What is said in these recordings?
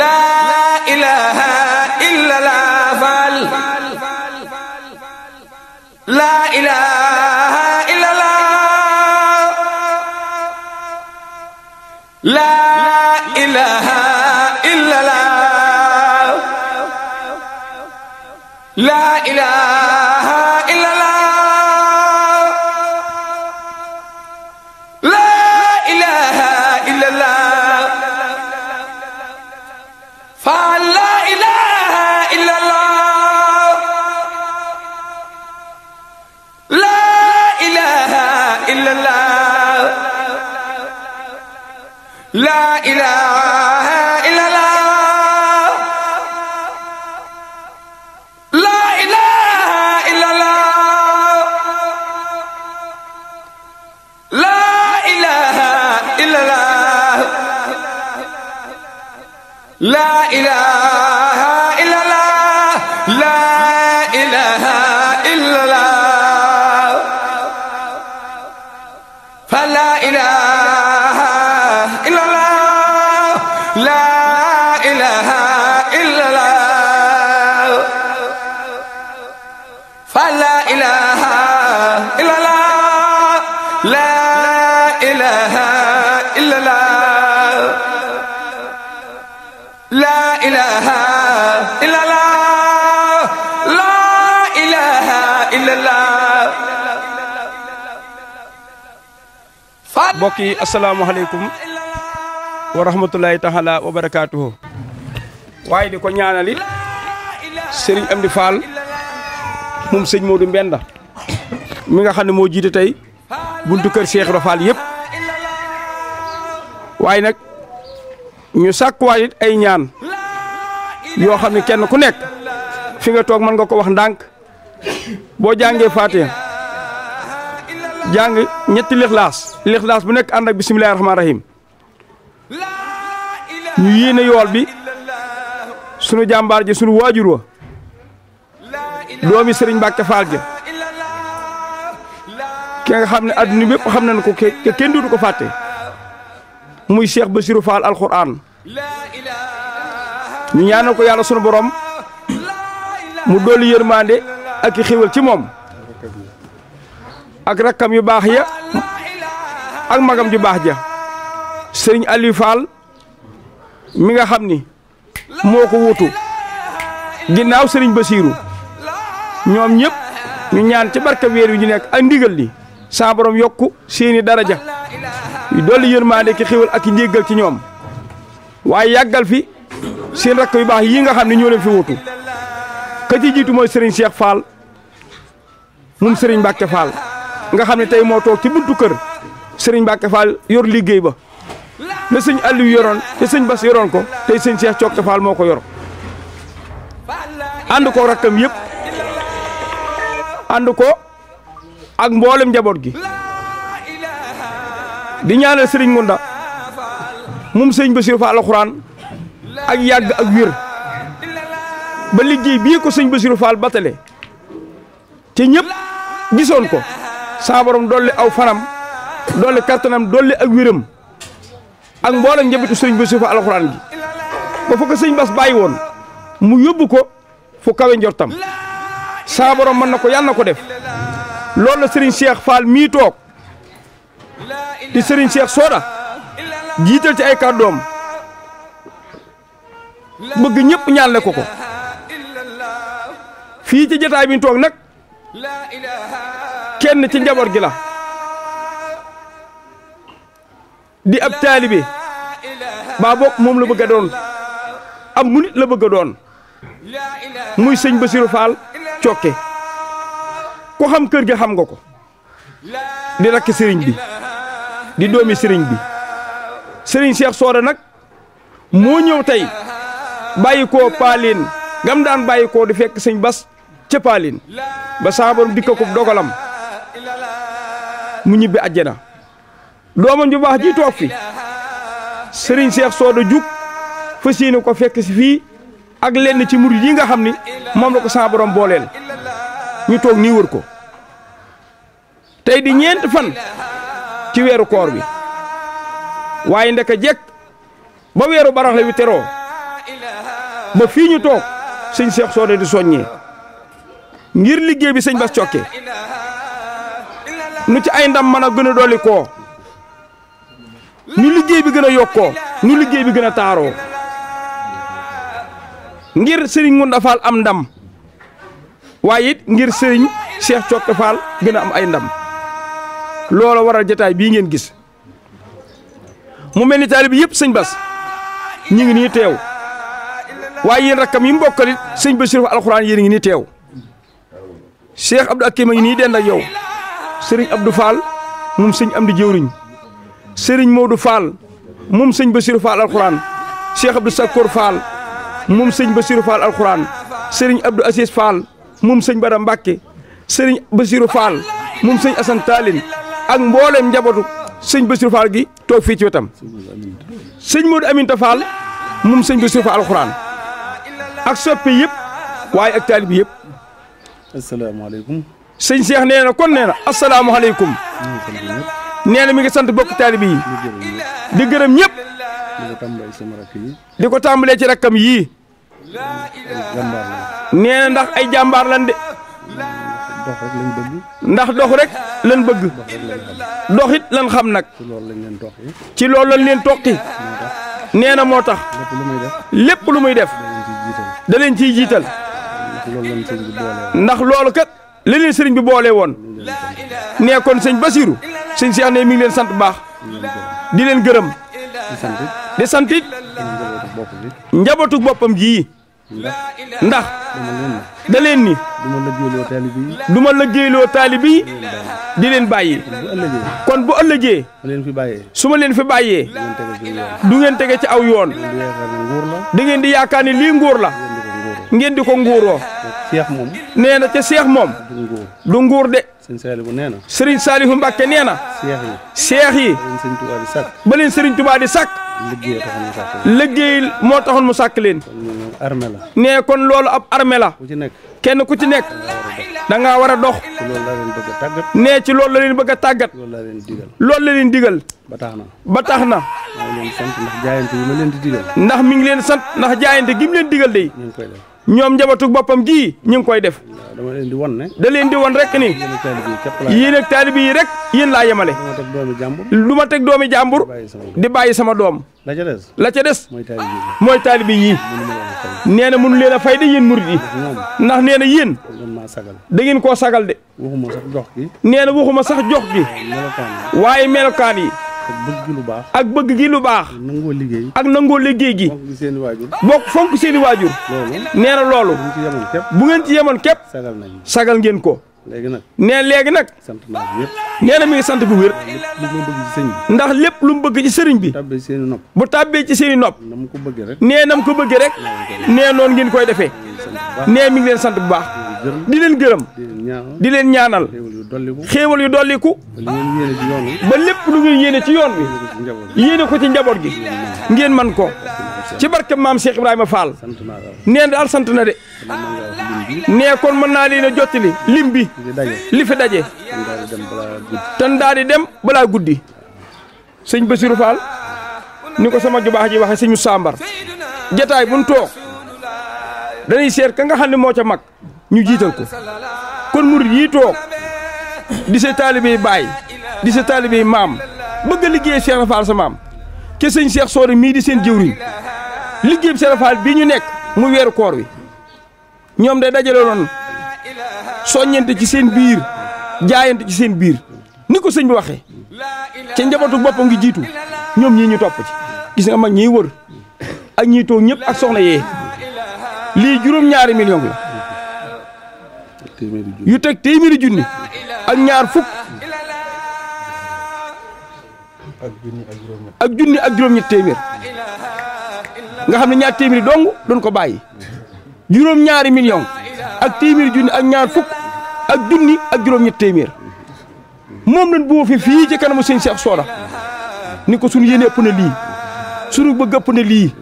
laa ilaaha illa laa faal laa ilaaha illa laa laa ilaaha illa laa laa ilaaha mbokk yi asalaamaaleykum wa rahmatulahi taala wa barakaatuhu waaye di ko ñaanali Serigne Amdi Fall moom sëñ Modou Mbenda mi nga xam ne moo jiite tey buntu kër Cheikh Ibra Fall waaye nag ñu sàkkuwaat it ay ñaan yoo xam ne kenn ku nekk fi nga toog mën nga ko wax ndànk boo jàngee faate jàng ñetti lixlaas lixlaas bu nekk ànd ak bisimilahi rahmaani rahim ñu yéene yool bi sunu jàmbaar ji sunu waajur wa doomi sëriñ Mbàkke Faal ja ki nga xam ne adduna bépp xam nañ ko ke kenn ko fàtte muy Cheikh Bassirou Fall alquran ñu ñaanal ko yàlla sunu borom mu dolli yërmande ak i xéwal ci moom ak rakkam yu baax ya ak magam ju baax ja sëriñ Aliou Fall mi nga xam ni moo ko wutu ginnaaw sëriñ Basiiru ñoom ñëpp ñu ñaan ci barka weer wi ñu nekk ak ndigal li saa borom yokku seeni daraja dolli yërmaande ki xéwal ak njéggal ci ñoom waaye yàggal fi seen rakk yu baax yi nga xam ne ñoo leen fi wutu ka ci jiitu mooy sëriñ Cheikh Fall moom sëriñ Mbacke Fall. nga xam ne tey moo toog ci buntu kër sëriñ Mbacke Fall yor liggéey ba la sëñ Aliou yoroon te sëñ yoroon ko tey sëñ Cheikh Cokka Fall moo ko yor ànd ko rakkam yëpp ànd ko ak mboolem njaboot gi di ñaanal sëriñ Ngunda moom sëñ Bassirou Fall alxuraan ak yàgg ak wér ba bii ko sëñ Bassirou Fall batale te ñëpp gisoon ko saa borom dolli aw fanam dolli kattanam dolli ak wéram ak mboolem njabootu sëñ Bassirou fa alxuraan gi ba fa ko sëñ Bass bàyyi woon mu yóbbu ko fu kawe njortam saa borom mën na ko yàlla ko def loolu la Serigne Cheikh Fall mii toog di Serigne Cheikh Soda jiital ci ay kàddoom bëgg ñëpp ñaanle ko ko fii ci jotaay bi ñu kenn ci njaboot gi la di ab taalibe baa bokk moom la bëgg a doon am mu nit doon muy sëñ Basiru Faal ku xam kër gi xam nga ko di rakk sëriñ bi di doomi sëriñ bi sëriñ Seex Soore nag moo ñëw tey bàyyi gam daan bàyyi di fekk sëñ Bas ca paalin ba saabaram dikka ko mu ñibbi àjjana doomam ju baax ji toog fi sëriñ Seex Soodo jug fas yéene ko fekk si fii ak lenn ci murid yi nga xam ni moom la ko saa borom booleel ñu toog nii wër ko tey di ñeent fan ci weeru koor bi waaye ndeka jekk ba weeru baraxle wi teroo ba fii ñu toog sëñ Seex Soodo di soññee ngir liggéey bi sëñ ba Cokke nu ci ay ndam mën a gën a dolli koo nu liggéey bi gën a yokkoo nu liggéey bi gën a taaroo ngir sëriñ Ngunda Fall am ndam waaye it ngir sëriñ Cheikh Cokka Fall gën a am ay ndam loola waral jataay bii ngeen gis mu mel ni taalibe yëpp sëñ ñu ngi nii teew waaye yéen rakkam yi mu bokkal it sëñ Bachir fa alxuraan yéen ngi nii teew Cheikh Abdou Akim a ngi nii dend ak sëriñ Abdou Fall moom sëñ Amdi Jëwriñ sëriñ Modou Fall moom sëñ Bassirou Fall alxuraan Cheikh Abdou Sakkoor Fall moom sëñ Bassirou Fall alxuraan sëriñ Abdou Aziz Fall moom sëñ Bara Mbacke sëriñ Bassirou Fall moom sëñ Assane Taalin ak mbooleem njabootu sëñ Bassirou Fall gi toog fii ci wetam sëñ Modou Aminta Fall moom sëñ Bassirou Fall alxuraan ak soppe yëpp waaye ak taalib yëpp. sëñ Cheikh nee na kon nee na asalaamaaleykum. nee na mi ngi sant bokk taalibe yi. di gërëm ñëpp. di ko tàmbalee ci rakkam yii. nee na ndax ay jàmbaar lan de. dox ndax dox rek lañ bëgg. dox it xam nag. ci loolu lañ leen toqi. ci loolu lañ leen toqi. nee na moo tax. lépp lu muy def. da leen ciy jiital. ndax loolu kat. li leen sëriñ bi boole woon nee kon sëñ Basiru sëñ Seex ne mi ngi leen sant baax di leen gërëm di sant it njabootu boppam ji ndax da leen ni du ma lëggéeyloo taalibi yi di leen bàyyi kon bu ëllëgee su ma leen fi bàyyee du ngeen tege ci aw yoon da ngeen di yaakaar ni lii nguur la ngeen di ko nguuroo. seex moom. nee na ca seex moom. du nguur du nguur de. sëriñ Saliou nee na. sëriñ Saliou Mbacke nee na. seex yi. ba sëriñ Touba di sàkk. liggéey moo taxoon mu sàkk leen. nee kon loolu ab armée kenn ku ci nekk. da ngaa war a dox. loolu la leen a tàggat. nee ci loolu la leen bëgg a tàggat. loolu la leen digal. loolu la leen digal. ba tax na. ba tax na. maa ngi leen sant ndax jaayante leen di digal. ndax mi ngi leen sant ndax jaayante gi mu leen digal de. ñu ngi koy def ñoom njabootu boppam gii ñu ngi koy def. dama leen di won ne. da leen di won rek ni. yéen ak taalibe yi rek yéen laa yemale. du ma teg doomi jàmbur. di bàyyi sama doom. la ca des. la ca des. mooy taalibe yi. nee na mënu leen a fay de yéen murid yi. ndax nee na yéen. da ngeen koo sagal de. waxuma sax jox gi. nee na waxuma sax jox gi. waaye melokaan yi. ak bëgg gi lu baax. ak bëgg gi lu baax. ak nangoo liggéey. ak nangoo liggéey gi. bokk seen i waajur. bokk fonk seeni i waajur. loolu na loolu. bu ngeen ci yemoon képp. sagal nañ sagal ngeen ko. léegi nag nee léegi nag. sant naa bu nee na mi ngi sant bu wér. ndax lépp lu mu bëgg ci sëriñ bi. bu tàbbee ci seeni i nopp. nee na mu ko bëggee rek. nee noonu ngeen koy defee. nee mi ngi leen sant bu baax. di leen gërëm di leen ñaanal xéewal yu dolliku ba lépp lu ngeen yéene ci yoon bi yéene ko ci njaboot gi ngeen man ko ci barkeb maam Cheikh Ibrahima Fall nee daal sant na de nee kon mën naa leen a jottali lim bi li fi daje tan daal di dem balaa guddi sëñ Bassirou Fall ni ko sama jubaax ji waxe sëñu Sambar jataay buñ toog dañuy seet ka nga xam ne moo ca mag ñu jiital ko kon murid yi toog di sa taalibe baay di sa taalibe maam bëgg a liggéey Cheikh Rafal sa maam ke sëñ Cheikh Soore mii di seen jëwriñ liggéey bi bii ñu nekk mu weeru koor wi ñoom day dajale soo soññante ci seen biir jaayante ci seen biir ni ko sëñ bi waxee ca njabootu boppam ngi jiitu ñoom ñii ñu topp ci gis ma mag ñiy wër ak ñiy ñëpp ak soxna yee lii juróom-ñaari million la yu teg téeméeri junni ak ñaar fukk ak junni ak juróom-ñett nga xam ne ñaar téeméeri dong doon ko bàyyi juróom-ñaari million ak téeméeri junni ak ñaar fukk ak junni ak juróom-ñett téeméer moom lañ boo fi fii ci kanamu sëñ Cheikh ni ko sunu yéene ëpp na lii sunu bëgg ëpp lii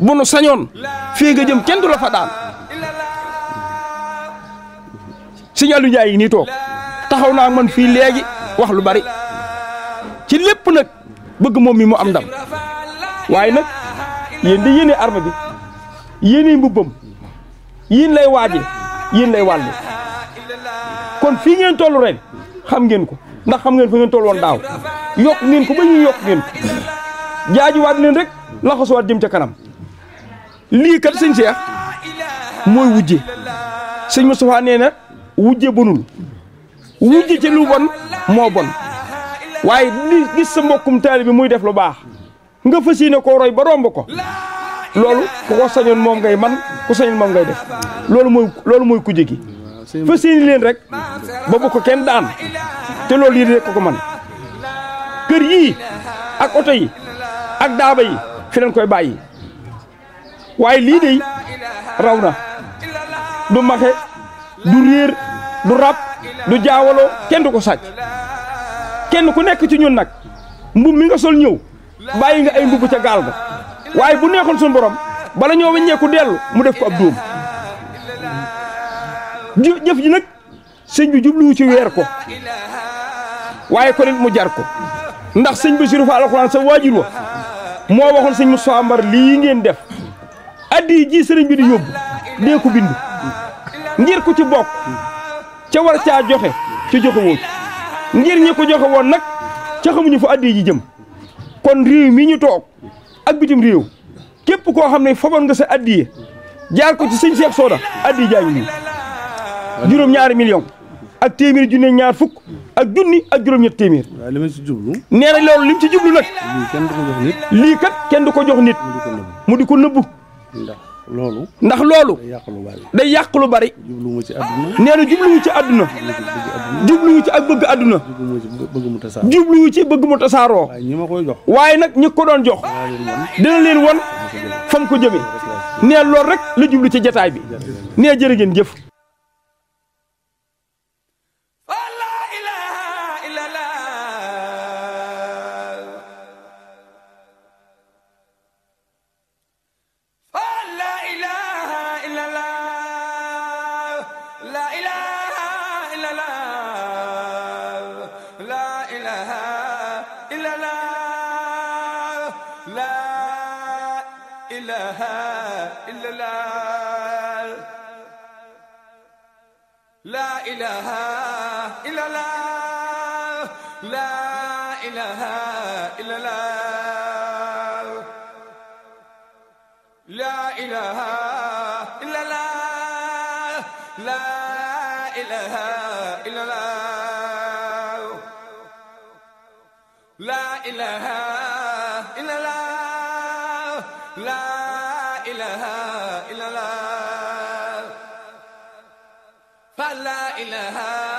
bu nu sañoon fii nga jëm kenn du la fa sëñ Aliou Ndiaye yi nii toog taxaw naa man fii léegi wax lu bari ci lépp nag bëgg moom mi mu am ndam waaye nag yéen di yéene arme bi yéene mbubbam yéen lay waaje yéen lay wàllu kon fii ngeen toll ren xam ngeen ko ndax xam ngeen fa ngeen toll woon daaw yokk ngeen ko ba ñuy yokk ngeen ko jaajuwaat leen rek laxasuwaat jëm ca kanam lii kat sëñ Cheikh mooy wujje sëñ Moustapha nee na wujje bonul wujje ci lu bon moo bon waaye li gis sa mbokkum taali bi muy def lu baax nga fas yéene koo roy ba romb ko loolu ku ko sañoon moom ngay man ku sañoon moom ngay def loolu mooy mooy kujje gi fas yéene leen rek ba bu ko kenn daan te loolu yéen ko ko man kër yii ak oto yi ak daaba yi fi koy bàyyi waaye lii de raw na du maxe du réer du rab du jaawaloo kenn du ku sàcc kenn ku nekk ci ñun nag mbub mi nga sol ñëw bàyyi nga ay mbubb ca gaal ga waaye bu neexoon suñu borom bala ñoo weññeeku dellu mu def ko ab dóom jëf ji nag sëñ bi jubluwu ci weer ko waaye ko nit mu jar ko ndax sëñ Bassirou Fall alxuraan sa waajur wa moo waxoon sëñ Moussa Mbar lii ngeen def addi ji sëriñ bi di yóbbu dee ko bind ngir ku ci bokk ca war caa joxe ca joxe woo ngir ñi ko joxe woon nag ca xamuñu fa addi ji jëm kon réew mi ñu toog ak bitim réew képp koo xam ne faboon nga sa addiye jaar ko ci sëñ Cheikh Soda addi jaa ngi juróom-ñaari million ak téeméer junne ñaar fukk ak junni ak juróom-ñett téeméer. waaw li ma ci jublu. na loolu lim ci jublu nag. lii kenn du ko jox nit. kenn du ko jox nit. mu di ko nëbbu. loolu ndax loolu day yàq lu bari jubluwu ci àdduna nee na jubluwu ci àdduna jubluwu ci ak bëgg àdduna jubluwu ci bëggumu mu tasaaroo ñi ma koy jox waaye nag ñi ko doon jox dina leen won fam ko jëmee nee loolu rek la jublu ci jataay bi nee jërë ngeen jëf إلى هذا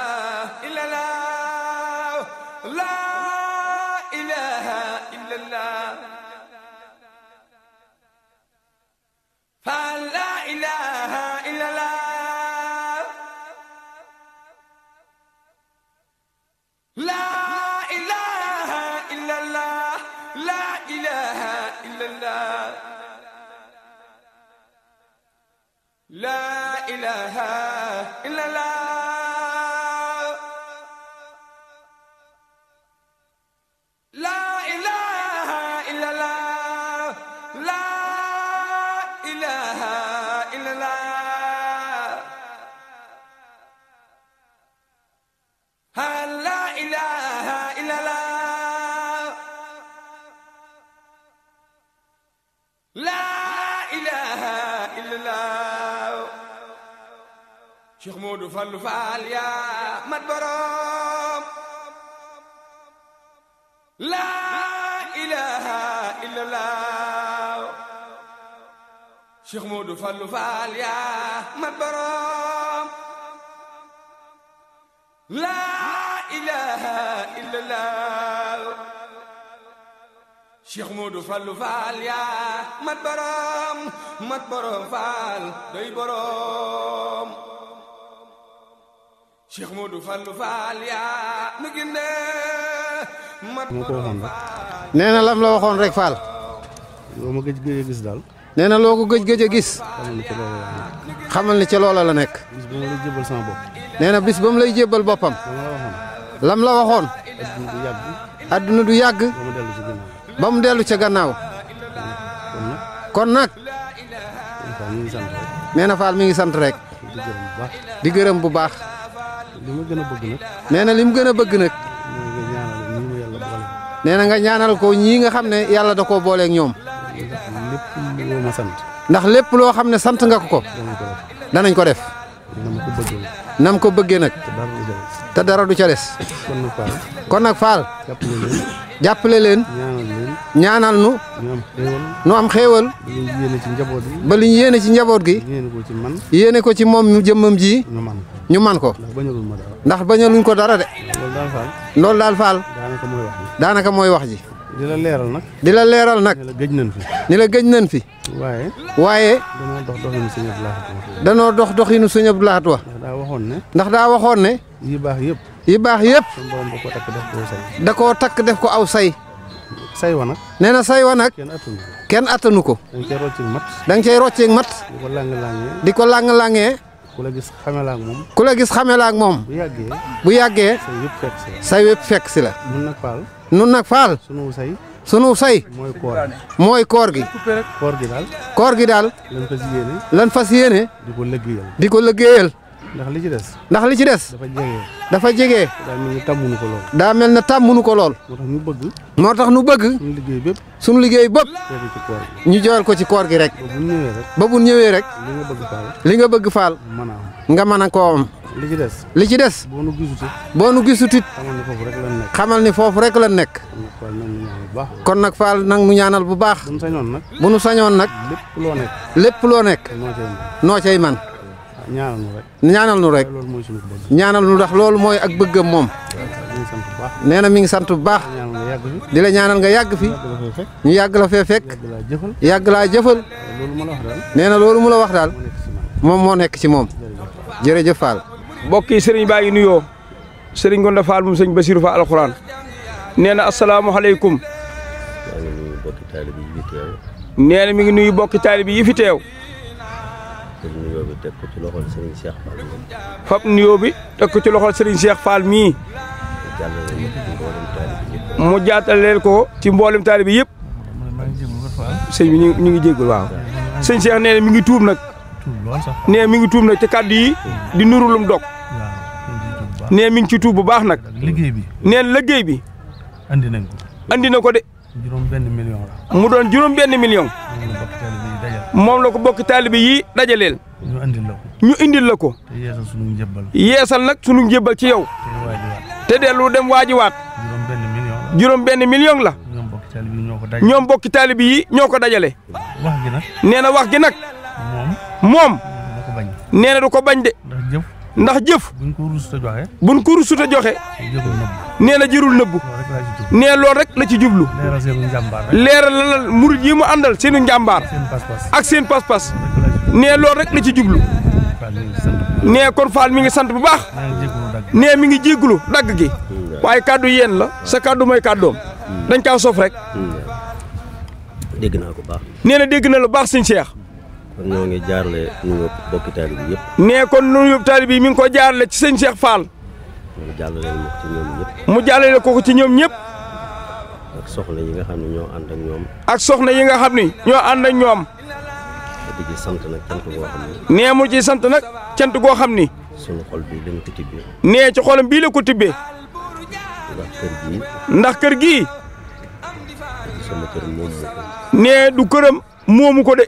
Cheikh Modou Fallou Fall yaa mat boroom laa ilaaha illallah Cheikh Modou Fallou Fall yaa mat boroom laa ilaaha illallah Cheikh Modou Fallou Fall yaa mat boroom mat boroom Fall day boroom Cheikh Modou Fallou Fall na lam la waxoon rek Fall. loo ma gëj na loo ko gëj gëj a gis. xamal ni ci loola la nekk. bis ba mu na bis ba mu lay jébbal boppam. lam la waxoon. adduna du yàgg. ba mu dellu ca gannaaw. kon nag. nee na Fall mi ngi sant rek. di gërëm bu baax. li mu gën a bëgg nag. na li mu gën a bëgg nag. nee na nga ñaanal ko ñii nga xam ne yàlla da koo booleeg ñoom. ndax lépp loo xam ne sant nga ko ko. danañ ko def. nam ko bëggee nag. te dara du ca des. kon nag Fall. jàppale leen. ñaanal nu. nu am xéewal. ba li ñu yéene ci njaboot gi. yéene ko ci moom mu jëmmam ji. ñu man ko. ndax bañaluñ ko dara de. loolu daal faal. daanaka mooy wax ji. di la leeral nag. di la leeral nag. ni la gëj nañ fi. ni la gëj nañ fi. waaye. waaye. danoo dox doxinu sëñ Abdou Lahad wa. ndax daa waxoon ne. ndax daa waxoon ne. yi baax yëpp. yi baax yëpp. da koo takk def ko aw say. say wa nag. nee na say wa nag. kenn attanu ko. da nga cay rocceeg mat. da mat. di ko lang langee. ku la gis xamee moom. ku la gis xamee moom. bu yàggee. bu yàggee. say yëpp fekk si la. say yëpp fekk si la. nun nag faal. nun sunu say. sunu mooy koor gi. mooy koor gi. koor daal. koor gi daal. lan fas yéene. fas yéene. di ko lëggéeyal. di ko lëggéeyal. ndax li ci des. ndax li ci des. dafa jege. dafa jege. daa mel ko lool. daa mel ne tàmmuñu ko lool. moo tax ñu bëgg. moo tax ñu bëgg. suñu liggéey bépp. suñu liggéey bépp. ñu joor ko ci koor gi rek. ba bu ñëwee rek. li nga bëgg faal. nga mën a koo am. li ci des. li ci des. boo nu gisutit. boo nu gisutit. xamal ni foofu rek la nekk. kon nag faal nag mu ñaanal bu baax. bu nu sañoon nag. bu sañoon nag. lépp loo nekk. lépp loo nekk. noo cay man ñaanal nu rek. ñaanal nu rek. ñaanal nu ndax loolu mooy ak bëggam moom. nee na mi ngi sant bu baax. di la ñaanal nga yàgg fi. ñu yàgg la fee fekk. yàgg laa jëfal. nee na loolu mu la wax daal. moom moo nekk ci moom. jërëjëf Fall. mbokk yi sëriñ baa ngi nuyoo. sëriñ Gonda Fall mu sëñ Basiru Fall alxuraan. nee na asalaamualeykum. nee mi ngi nuyu bokki taalibe yi fi teew. teg ko ci loxol fab nuyoo bi teg ko ci loxol Serigne Cheikh Fall mii. mu jaataleel ko ci mboolem taalibe yëpp. sëñ bi ñu ngi jéggul waaw. sëñ Cheikh nee na mi ngi tuub nag. nee mi ngi tuub nag ci kàddu yi di nuru lum dog. nee mi ngi ci tuub bu baax nag. liggéey bi nee liggéey bi. andi nañ ko na ko de. juróom mu doon juróom benn million. moom la ko bokk taalibe yi dajaleel. ñu indil la ko. ñu indil la ko. te yeesal sunu njëbbal. nag sunu njëbbal ci yow. te dellu dem waajiwaat. juróom million la. juróom benn million la. ñoom bokki taalibe yi ñoo ko dajale. ñoom bokki taalibe yi ñoo ko dajale. wax gi nag. nee na wax gi nag. moom. moom. nee na du ko bañ de. ndax jëf buñ ko rusut a joxe. buñ a joxe. na jërul nëbbu. nee loolu rek la ci jublu. leeralal murit yi mu àndal seenu njàmbaar. ak seen pas-pas. nee loolu rek la ci jublu. nee kon Fall mi ngi sant bu baax. nee mi ngi jéggulu dagg gi. Hmm. waaye kàddu yéen la sa kàddu mooy kàddoom. Hmm. dañ kaa sof rek. Hmm. dégg ko baax. nee na dégg na lu baax sëñ Cheikh. kon ngi jaarale nee kon nuyoo taalibe mi ngi ko jaarale ci sëñ Cheikh Fall. mu jàllale ko ci ñoom ñëpp. mu jàllale yi nga xam ne ñoo ànd ak ñoom. ak soxna yi nga xam ne ñoo ànd ñoom. ci sant nag cant goo xam ne. nee mu ci sant nag cant goo xam ni. sunu xol bii lañ ko tibbee. nee ci xolam bii la ko tibbee. ndax kër gii. ndax kër gii. sama kër moomu ko. nee du këram moomu ko de.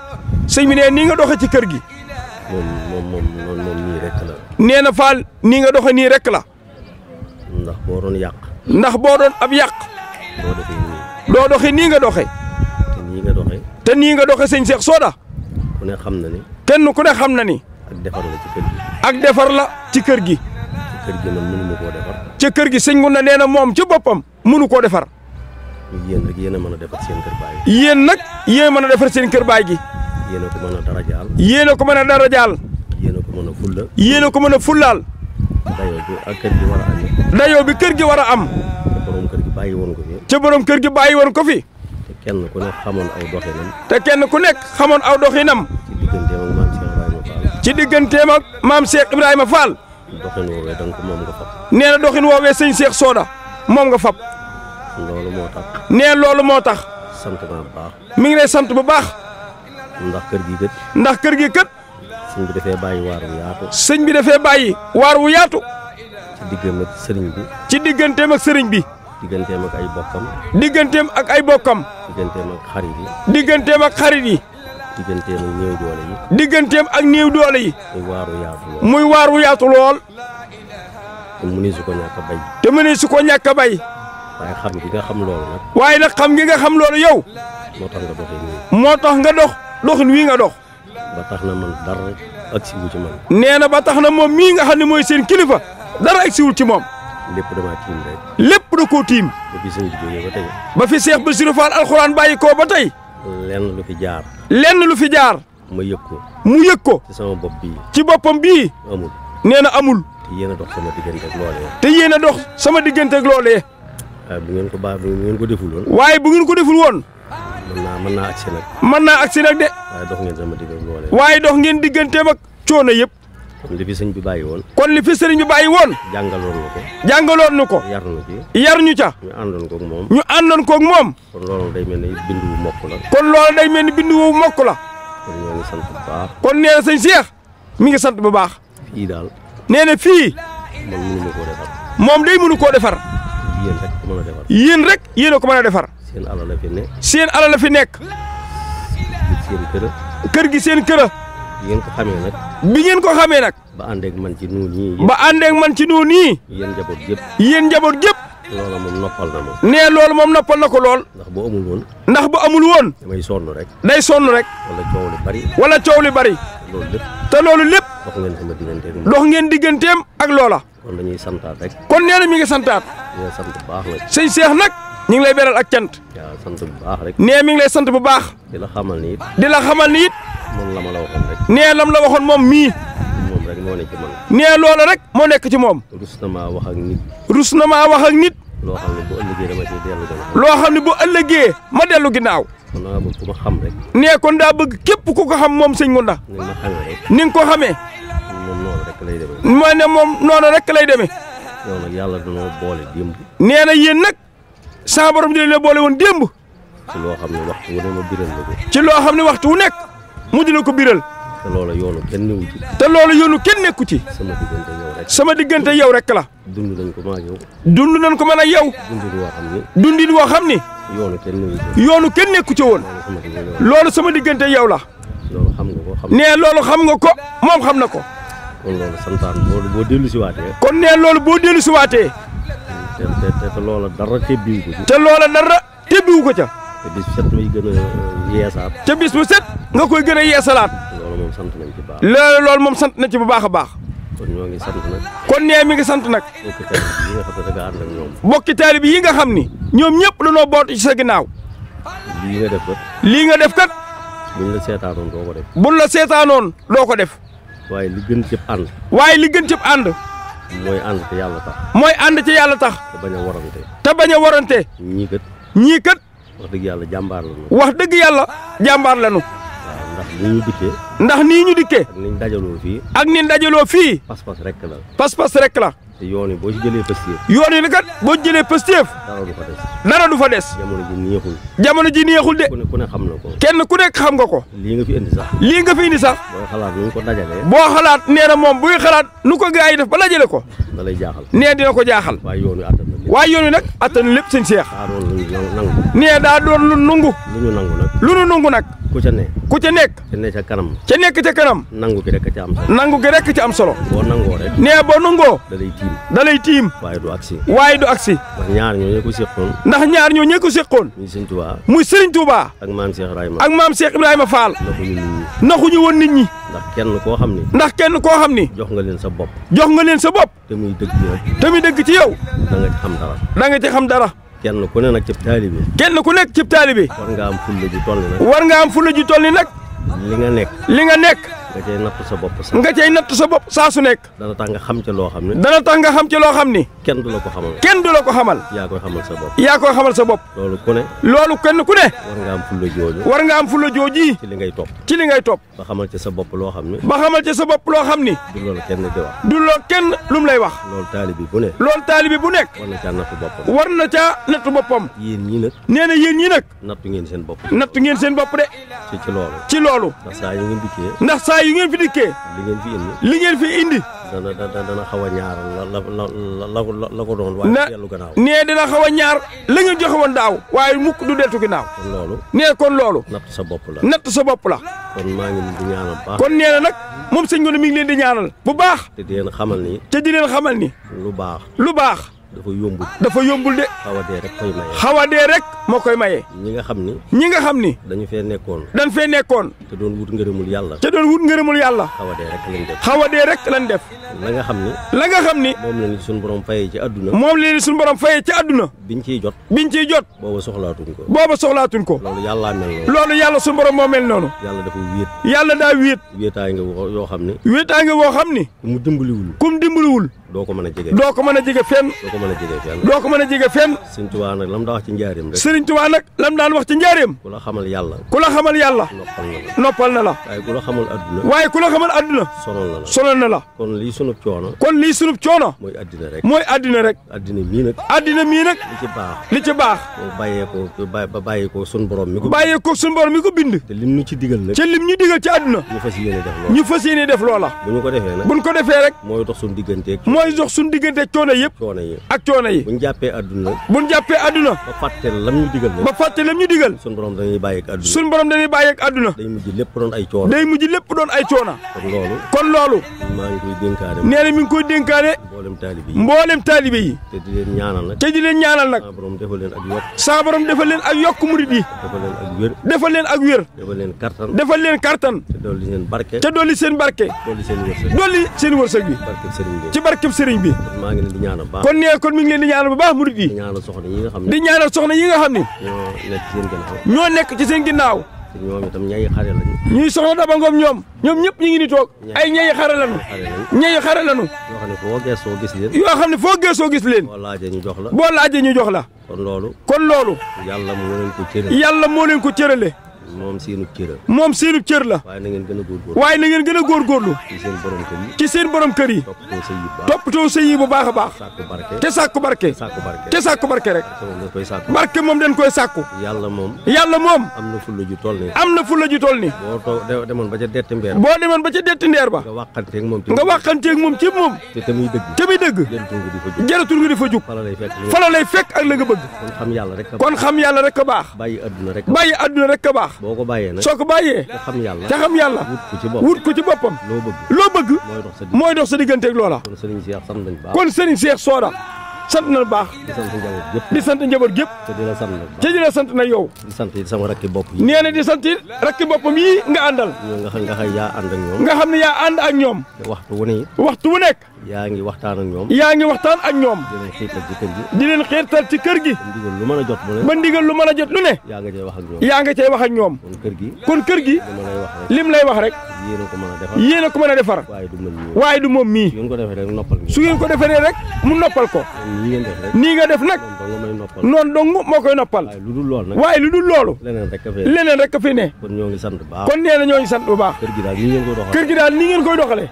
sëñ bi nee nii nga doxee ci kër gi. moom moom moom moom nii rek la. nee na Fall nii nga doxe nii rek la. ndax boo doon yàq. ndax boo doon ab yàq. doo doxee nii. nga doxe te nii nga doxee. te nii nga doxee sëñ Cheikh Soda. ku ne xam na ni. kenn ku ne xam na ni. ak defar la ci kër gi. ak defar la ci kër gi. ci kër gi man mënu ma koo defar. ca kër gi sëñ Ngounda nee na moom ci boppam mënu koo defar. yéen nag yéen a mën a defar seen kër baay yéen nag yéen a mën a defar seen kër baay gi. yéen a ko mën a dara jaal. yéen ko mën a dara jaal. yéen a ko mën a yéen a ko mën a fullaal. dayoo bi kër gi war a am. dayoo bi kër gi war a am. ca borom kër gi bàyyi woon ko fi. borom kër gi bàyyi woon ko fi. te kenn ku nekk xamoon aw doxinam. te kenn ku nekk xamoon aw doxinam. ci digganteem ak maam Cheikh Ibrahima Fall. doxin woowee donc moom nga fab. nee na doxin woowee sëñ Cheikh sooda moom nga fab. loolu moo tax. nee loolu moo tax. sant naa bu baax. mi ngi lay sant bu baax. ndax kër gi kët ndax kër gi kët sëñ bi dafee bàyyi waar wu yaatu sëñ bi dafee bàyyi waar wu yaatu ci digganteem ak sëriñ bi ci digganteem ak sëriñ bi digganteem ak ay bokkam digganteem ak ay bokkam digganteem ak xarit yi digganteem ak xarit yi digganteem néew doole yi digganteem ak néew doole yi muy waaru yaatu lool muy yaatu lool te mu ne su ko ñàkk a bay te mu ne su ko ñàkk bay waaye xam gi nga xam loolu nag waaye nag xam gi nga xam loolu yow moo tax nga doxee nii moo tax nga dox doxin wii nga dox. ba tax na man dara agsiwu ci man. nee na ba tax na moom mii nga xam ne mooy seen kilifa dara agsiwul ci moom. lépp damaa tiim rek. lépp da koo tiim. ba fi sëñ bi jógee ba ba fi Seex bàyyi koo ba tey. lenn lu fi jaar. lenn lu fi jaar. ma yëg ko. mu yëg ko. ci sama bopp bii. ci boppam bii. nee na amul. te yéen a dox sama diggante ak te yéen a dox sama diggante ak bu ngeen ko baax bu ngeen ko deful woon. waaye bu ngeen ko deful woon. mën naa mën naa agsi nag. mën naa agsi nag de. waaye dox ngeen sama diggante woon waaye dox ngeen digganteem ak coono yëpp. kon li fi sëñ bi bàyyi woon. woon. jàngaloon na ko. jàngaloon na ñu ca. ñu àndoon koog moom. ñu àndoon koog moom. kon loolu day mel ni bindu wu mokk la. kon loolu day mel ni bindu wu mokk la. kon nee na sant bu baax. kon nee na sëñ Cheikh mi ngi sant bu baax. fii daal. fii. moom ma koo defar. day mënu koo defar. yéen rek ko mën yéen rek yéen ko mën a defar. seen alal la fi nekk. seen alal la fi nekk. kër gi seen kër. bi ngeen ko xamee nag. bi ngeen ko xamee nag. ba àndeeg man ci nuun yii. ba àndeeg man ci nuun yii. yéen njaboot yëpp. yéen njaboot yëpp. loola moom na moom. nee loolu moom noppal na ko lool. ndax bu amul woon. ndax bu amul woon. damay rek. day sonn rek. wala coow li bari. wala coow li bari. te loolu lépp. dox ngeen digganteem. ngeen digganteem ak loola. kon dañuy santaat rek. kon nee na mi ngi santaat. ñu ngi sant bu baax nag. sëñ Cheikh nag. ñu ngi lay beral ak cant. waaw sant bu baax rek. nee mi ngi lay sant bu baax. di la xamal ni di la xamal ni it. moom la ma la waxoon rek. nee lam la waxoon moom mii. moo nekk ci man. nee loola rek moo nekk ci moom. rus na maa wax ak nit. rus na maa wax ak nit. loo xam ne bu ëllëgee loo xam ne bu ëllëgee ma dellu ginnaaw. kon nee kon daa bëgg képp ku ko xam moom sëñ Ngunda. ni nga ni nga ko xamee. moom ne moom noona rek lay demee. yàlla danoo boole démb. nee na yéen nag saa borom di leen boole woon démb. ci loo xam ne waxtu wu ne ma biral la ko. ci loo xam ne waxtu wu nekk mu di ko biral. te loolu yoonu kenn newu ci. te loolu yoonu kenn nekku ci. sama rek. sama diggante yow rek la. dund nañ ko ma ak yow. dund nañ ko man ak yow. dundin woo xam ni. dundin woo kenn yoonu kenn nekku ci woon. loolu sama diggante yow la. loolu xam nga ko xam ne loolu xam nga ko moom xam na ko. kon loolu santaan loolu boo dellu si waatee. kon nee loolu boo dellu si waatee. te te te loola dara tebbiwu ko ci. te loola dara tebbiwu ko ca. te bis bu set muy gën te bis bu set nga koy gën a yeesalaat. moom sant nañ loolu moom sant na ci bu baax a baax. kon ñoo ngi sant nag. kon nee mi ngi sant nag. bokki taalib yi nga xam ni ñoom ñëpp dañoo boot ci sa ginnaaw. lii nga def kat. lii nga def kat. buñ la seetaanoon doo ko def. buñ la seetaanoon doo ko def. waaye li gën cëb waaye li gën cëb ànd. mooy ànd ci yàlla tax. mooy ànd ci yàlla tax. te bañ a warante. te bañ a warante. ñii kat. ñii kat. wax dëgg yàlla jàmbaar wax dëgg yàlla jàmbaar lañu. ndax nii ñu dikkee. ndax nii ak ni dajaloo fii. ak ni ñu dajaloo fii. pas-pas rek la. pas-pas rek la. boo ci jëlee pëstéef. yoon yi nag kat boo ci jëlee pëstéef. dara du fa des. dara du fa jamono ji neexul. jamono ji neexul de. ne xam na ko. kenn ku nekk xam nga ko. lii nga fi indi sax. lii nga fi indi sax. boo xalaat nu ko dajalee. boo xalaat nee na moom buy xalaat nu ko gars yi def ba dajale ko. da lay jaaxal. nee dina ko jaaxal. waaye yoon wi attan na lépp. nag attan lépp sëñ Seex. daa doon lu nangu. nee daa doon lu nangu. lu ñu nangu nag. ku ca ne ku ca nekk ca ne ca kanam ca nekk ca kanam nangu gi rek ca am solo nangu gi rek ca am solo boo nangoo rek nee boo nangoo da lay tiim tiim waaye du agsi waaye du agsi ndax ñaar ñoo ñee ko séqoon ndax ñaar ñoo ñee ko séqoon muy Sëriñ Touba muy Sëriñ Touba ak maam Cheikh Ibrahima ak maam Cheikh Ibrahima Fall naxuñu nit ñi naxuñu woon nit ñi ndax kenn koo xam ni ndax kenn koo xam ni jox nga leen sa bopp jox nga leen sa bopp te muy dëgg ci yow te muy ci yow da nga ci xam dara da nga xam dara kenn ku ne nag cib taalibe kenn ku nekk cib taalibe war nga am fulla ju toll war nga am fulla ju toll ni nag li nga nekk li nga nekk nga cay natt sa bopp saa. nga cay natt sa bopp saa nekk. dana tax nga xam ci loo xam ni. kenn du la ko xamal. kenn du la ko xamal. yaa koy xamal sa bopp. yaa koy xamal sa bopp. loolu ku ne. kenn ku ne. war nga am fulla jooju. war nga am fulla jooju. ci li ngay topp. ci li ngay topp. ba xamal ci sa bopp loo xam ne. ba xamal bopp loo xam ni. du loolu kenn di wax. du loolu kenn lu lay wax. loolu taalibi bu ne. loolu taalibi bu nekk. war na caa natt boppam. war na caa natt boppam. nee na yéen ñii nag. nattu ngeen seen bopp. nattu ngeen seen bopp de. ci ci loolu. ci loolu. saa yu ngeen fi dikkee. li ngeen fi indi. li ngeen fi indi. dana dana dana xaw a ñaar la la la la ko doon. waaye dellu gannaaw nee dina xaw ñaar la ngeen joxe woon daaw. waaye mukk du deltu ginnaaw. kon loolu. nee kon loolu. natt sa bopp la natt sa bopp la. kon maa ngi leen di ñaanal baax. kon nee na nag moom sëñ Ngoné mi ngi leen di ñaanal. bu baax. te di leen xamal ni. te di leen xamal ni. lu baax lu baax. dafa yombul. dafa yombul de. xaw a dee rek koy maye. xaw a dee rek moo koy maye. ñi nga xam ni. ñi nga xam ni. dañu fee nekkoon. dañ fee nekkoon. te doon wut ngërëmul yàlla. te doon wut ngërëmul yàlla. xaw a dee rek lañ def. xaw a dee rek lañ def. la nga xam ni. la nga xam ni. moom la ni suñu borom fayee ci àdduna. moom la ni suñu fayee ci àdduna. biñ ciy jot. biñ ciy jot. booba soxlaatuñ ko. booba soxlaatuñ ko. loolu yàlla mel noonu. loolu yàlla suñu borom moo mel noonu. yàlla dafa wéet. yàlla daa wéet. wéetaay nga woo yoo xam ni. wéetaay nga woo xam ni. mu dimbaliwul. ku mu doo ko a jege doo ko mën a jege fenn doo a jege fenn doo ko mën a jege fenn sëriñ lam daa wax ci njaareem rek lam daan wax ci njaareem ku la xamal yàlla noppal na la waaye ku la xamal adduna waaye ku la xamal adduna sonal na la sonal na la kon lii sunub coono kon lii sunub coono mooy addina rek mooy addina rek addina mii nag addina mii nag li ci baax li ci baax bàyyee ko ba bàyyee ko sun borom mi ko bàyyee ko sun borom mi ko bind te lim ñu ci digal nag te lim ñu digal ci adduna ñu fas yéene def loola ñu ko defee nag buñ ko defee rek mooy mooy jox suñu diggante coono yëpp. coono yi ak coono yi. bu ñu jàppee adduna. bu ñu jàppee adduna. mboolem taalibe yi mboolem taalibe nag. saa borom defal leen ak yokk. saa defal leen kartan. defal dolli seen barke. dolli seen barke. dolli seen ci barke barkeb sëriñ bi maa ngi leen di ñaanal bu kon nee kon mi ngi leen di ñaanal bu baax murid yi di ñaanal soxna yi nga xam ne di ñaanal soxna yi xam ne ñoo nekk ci seen ginnaaw ñoom itam ñayi xare lañu ñuy soxla daba ngoom ñoom ñoom ñëpp ñu ngi ni toog ay ñayi xare lañu ñayi xare lañu yoo xam ne foo geesoo gis leen yoo xam ne foo geesoo gis leen boo laajee ñu jox la boo laajee ñu jox la kon loolu kon loolu yàlla moo leen ko cërale yàlla moo leen ko cërale moom seenu cër la. waaye na gën a góorgóorlu. waaye a ci seen borom kër yi. ci seen borom bu baax a baax. te sàkku barke. te sàkku barke rek. barke moom dañ koy sàkku. yàlla moom. am na fulla ju nii. boo demoon ba ca detti ndeer ba. nga waxanteeg moom ci moom. te muy dëgg. te nga di fa jug. fala lay fekk ak la nga bëgg. kon xam yàlla rek a baax. bàyyi àdduna rek a baax. soo ko bàyyee nag soo ko bàyyee te xam yàlla te xam yàlla wut ko ci boppam loo bëgg loo bëgg mooy dox sa digganteeg loola kon sëriñ Cheikh sant nañ sant na baax. di sant njaboot gépp. di sant njaboot gépp. te di sant na yow. di sant it sama rakki bopp na di sant it rakki boppam yii nga àndal. nga xam yaa ànd ak ñoom. nga xam ne yaa ànd ak ñoom. waxtu wu ne. wu nekk. yaa ngi waxtaan ak ñoom. yaa ngi waxtaan ak ñoom. di leen xiirtal ci kër gi. leen xiirtal ci kër gi. ba ndigal lu mën a jot lu ne. ba lu mën a jot lu yaa nga cay wax ak yaa nga cay wax ak ñoom. kon kër gi. kon kër gi. lim lay wax rek yéen a ko mën a defar a a defar. waaye du moom mii. su ngeen ko defee rek mu noppal ko. nii nga def nag. noonu dong moo koy noppal. waaye lu dul loolu. leneen rek ka fi ne. kon nee na ñoo ngi sant baax. kër gi daal nii ngeen koy doxalee.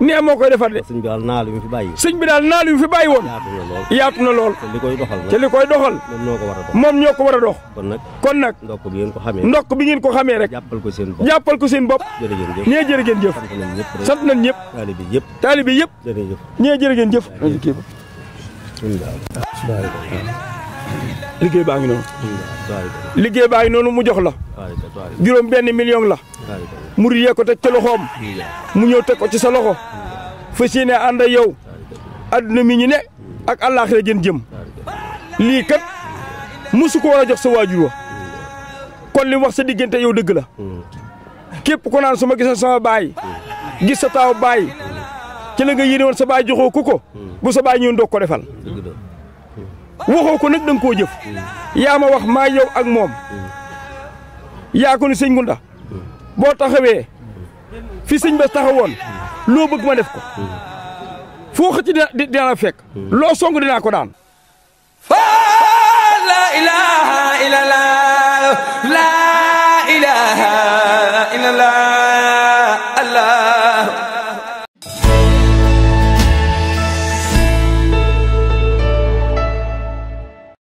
nee moo koy defar de. sëñ bi daal naalu yu fi bàyyi. woon. yaatu na lool. te koy doxal moom ñoo ko war a dox. kon nag ndokk bi ngeen ko xamee rek. seen bopp ñee jërë ngeen jëf sant nañ ñëpp taalibe yëpp ñee jërë ngeen jëf liggéey ba liggéey baa noonu mu jox la juróom benn million la mu riyee ko teg mu ñëw teg ko ci sa loxo fas yéene ànd yow adduna mi ñu ne ak àllaaxira gën jëm lii kat musu war a jox sa waajur wa kon li wax sa diggante yow dëgg la mm. képp ku naan su ma gisee sama baay gis sa taaw baay ci la nga yéene ko bu sa baay ko defal waxoo ko nag da koo jëf yaa ma wax maa yow ak moom yaa ko ni sëñ Gunda boo taxawee fi sëñ ba taxawoon loo bëgg ma def ko foo xëcc dina dina fekk loo song dinaa ko daan fa la ilaha illallah